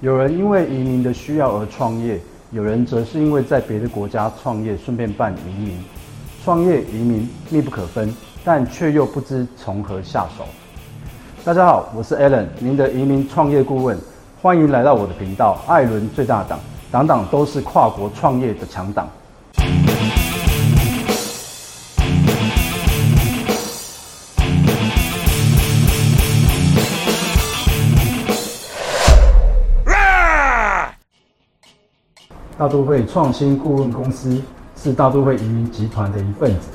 有人因為移民的需要而創業，有人則是因為在別的國家創業，順便辦移民。創業移民密不可分，但卻又不知從何下手。大家好，我是 Allen，您的移民創業顧問，歡迎來到我的頻道《艾綸最大檔》，檔檔都是跨國創業的強檔。大都會創新顧問公司是大都會移民集團的一份子，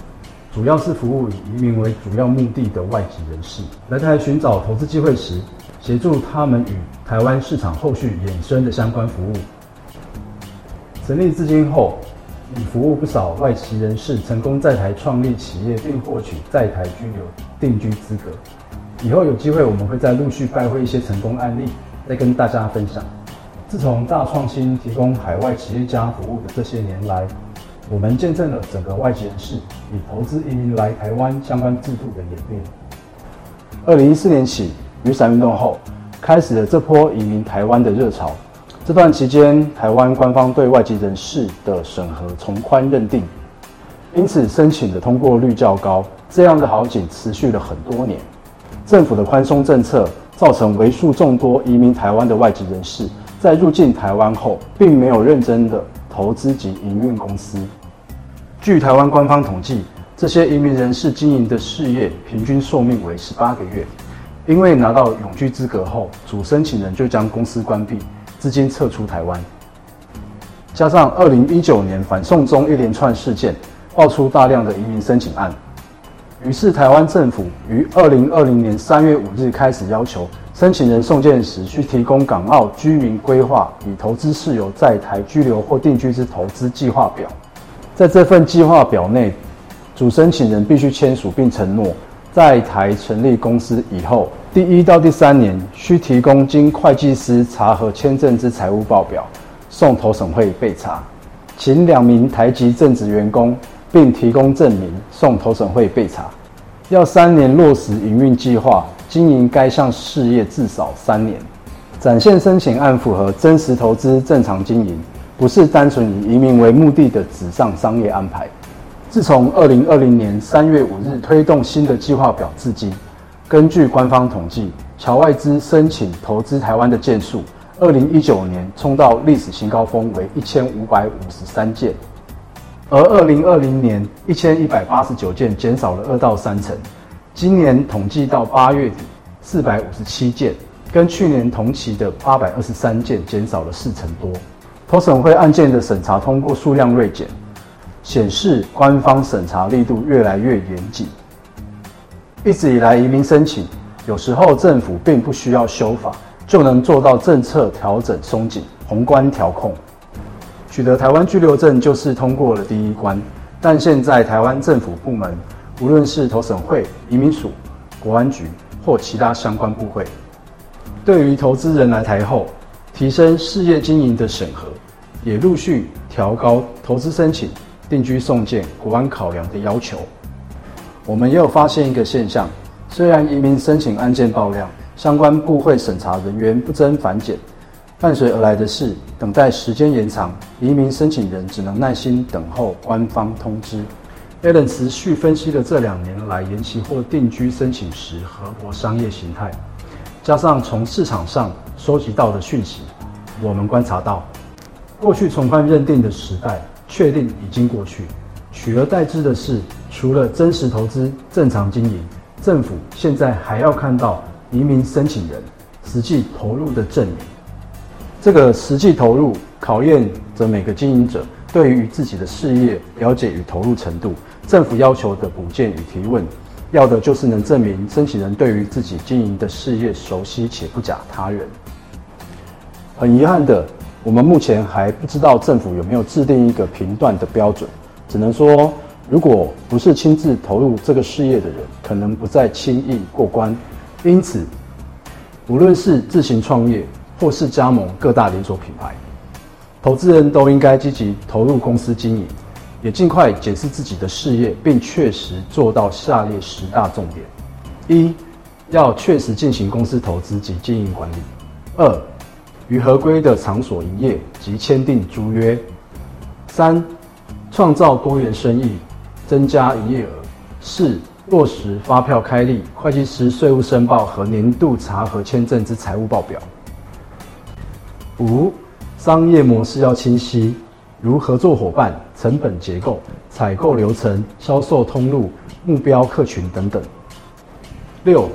主要是服務以移民為主要目的的外籍人士來台尋找投資機會時，協助他們與台灣市場後續衍生的相關服務。成立至今後，已服務不少外籍人士成功在台創立企業並獲取在台居留定居資格。以後有機會，我們會再陸續拜會一些成功案例，再跟大家分享。自從大創新提供海外企業家服務的這些年來，我們見證了整個外籍人士以投資移民來台灣相關制度的演變。二零一四年起，雨傘運動後，開始了這波移民台灣的熱潮。這段期間，台灣官方對外籍人士的審核從寬認定，因此申請的通過率較高。這樣的好景持續了很多年，政府的寬鬆政策造成為數眾多移民台灣的外籍人士。在入境台灣後，並沒有認真的投資及營運公司。據台灣官方統計，這些移民人士經營的事業平均壽命為十八個月，因為拿到永居資格後，主申請人就將公司關閉，資金撤出台灣。加上二零一九年反送中一連串事件，爆出大量的移民申請案，於是台灣政府於二零二零年三月五日開始要求。申請人送件時需提供港澳居民規劃與投資事由、在台居留或定居之投資計劃表。在這份計劃表內，主申請人必須簽署並承諾，在台成立公司以後，第一到第三年需提供經會計師查核簽證之財務報表，送投審會備查，請兩名台籍正職員工，並提供證明，送投審會備查，要三年落實營運計劃。經營該項事業至少三年，展現申請案符合真實投資、正常經營，不是單純以移民為目的的紙上商業安排。自從二零二零年三月五日推動新的計劃表至今，根據官方統計，僑外資申請投資台灣的件數，二零一九年衝到歷史新高峰為一千五百五十三件，而二零二零年一千一百八十九件減少了二到三成。今年統計到八月底，四百五十七件，跟去年同期的八百二十三件減少了四成多。投審會案件的審查通過數量銳減，顯示官方審查力度越來越嚴謹。一直以來，移民申請有時候政府並不需要修法就能做到政策調整鬆緊、宏觀調控。取得台灣居留證就是通過了第一關，但現在台灣政府部門。無論是投審會、移民署、國安局或其他相關部會，對於投資人來台後提升事業經營的審核，也陸續調高投資申請、定居送件、國安考量的要求。我們又發現一個現象：雖然移民申請案件爆量，相關部會審查人員不增反減，伴隨而來的是等待時間延長，移民申請人只能耐心等候官方通知。艾 l n 持續分析了這兩年來延期或定居申請時合夥商業形態，加上從市場上收集到的訊息，我們觀察到，過去從犯認定的時代確定已經過去，取而代之的是，除了真實投資、正常經營，政府現在還要看到移民申請人實際投入的證明。這個實際投入考驗着每個經營者對於自己的事業了解與投入程度。政府要求的補件與提問，要的就是能證明申請人對於自己經營的事業熟悉且不假他人。很遺憾的，我們目前還不知道政府有沒有制定一個評斷的標準，只能說，如果不是親自投入這個事業的人，可能不再輕易過關。因此，無論是自行創業或是加盟各大連鎖品牌，投資人都應該積極投入公司經營。也儘快檢視自己的事業，並確實做到下列十大重點：一、要確實進行公司投資及經營管理；二、與合規的場所營業及簽訂租約；三、創造多元生意，增加營業額；四、落實發票開立、會計師稅務申報和年度查核、簽證之財務報表；五、商業模式要清晰，如合作夥伴。成本結構、採購流程、銷售通路、目標客群等等。六、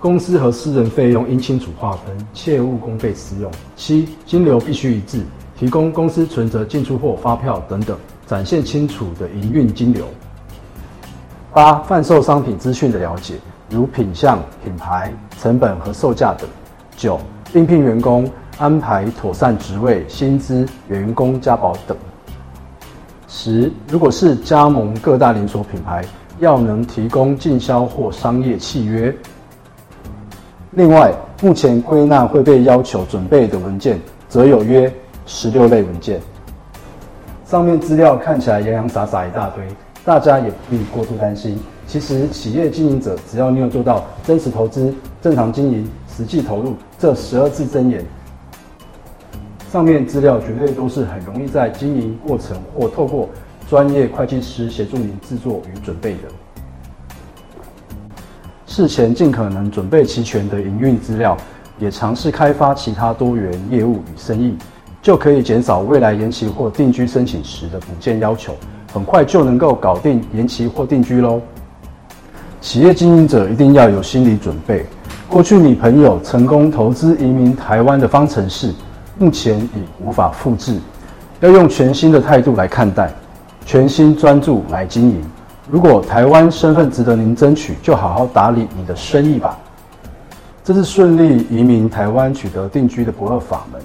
公司和私人費用應清楚劃分，切勿公費私用。七、金流必須一致，提供公司存折進出貨發票等等，展現清楚的營運金流。八、販售商品資訊的了解，如品相、品牌、成本和售價等。九、應聘員工安排妥善職位、薪資、員工加保等。十、，如果是加盟各大連鎖品牌，要能提供經銷或商業契約。另外，目前歸納會被要求準備的文件，則有約十六類文件。上面資料看起來洋洋灑灑一大堆，大家也不必過度擔心。其實，企業經營者只要你有做到真實投資、正常經營、實際投入這，這十二字箴言。上面資料絕對都是很容易在經營過程或透過專業會計師協助你制作與準備的。事前盡可能準備齊全的營運資料，也嘗試開發其他多元業務與生意，就可以減少未來延期或定居申請時的補件要求，很快就能夠搞定延期或定居嘍。企業經營者一定要有心理準備，過去你朋友成功投資移民台灣的方程式。目前已無法複製，要用全新的態度來看待，全心專注來經營。如果台灣身份值得您爭取，就好好打理你的生意吧。這是順利移民台灣取得定居的不二法門。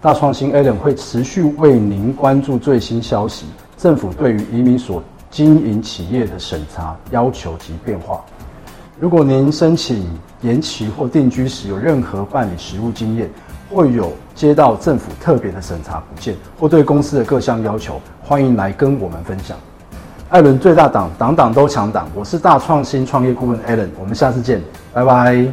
大創新艾綸會持續為您關注最新消息，政府對於移民所經營企業的審查要求及變化。如果您申請延期或定居時有任何辦理實務經驗，會有接到政府特別的審查補件，或對公司的各項要求，歡迎來跟我們分享。艾綸最大檔，檔檔都強檔。我是大創新創業顧問艾綸，我們下次見，拜拜。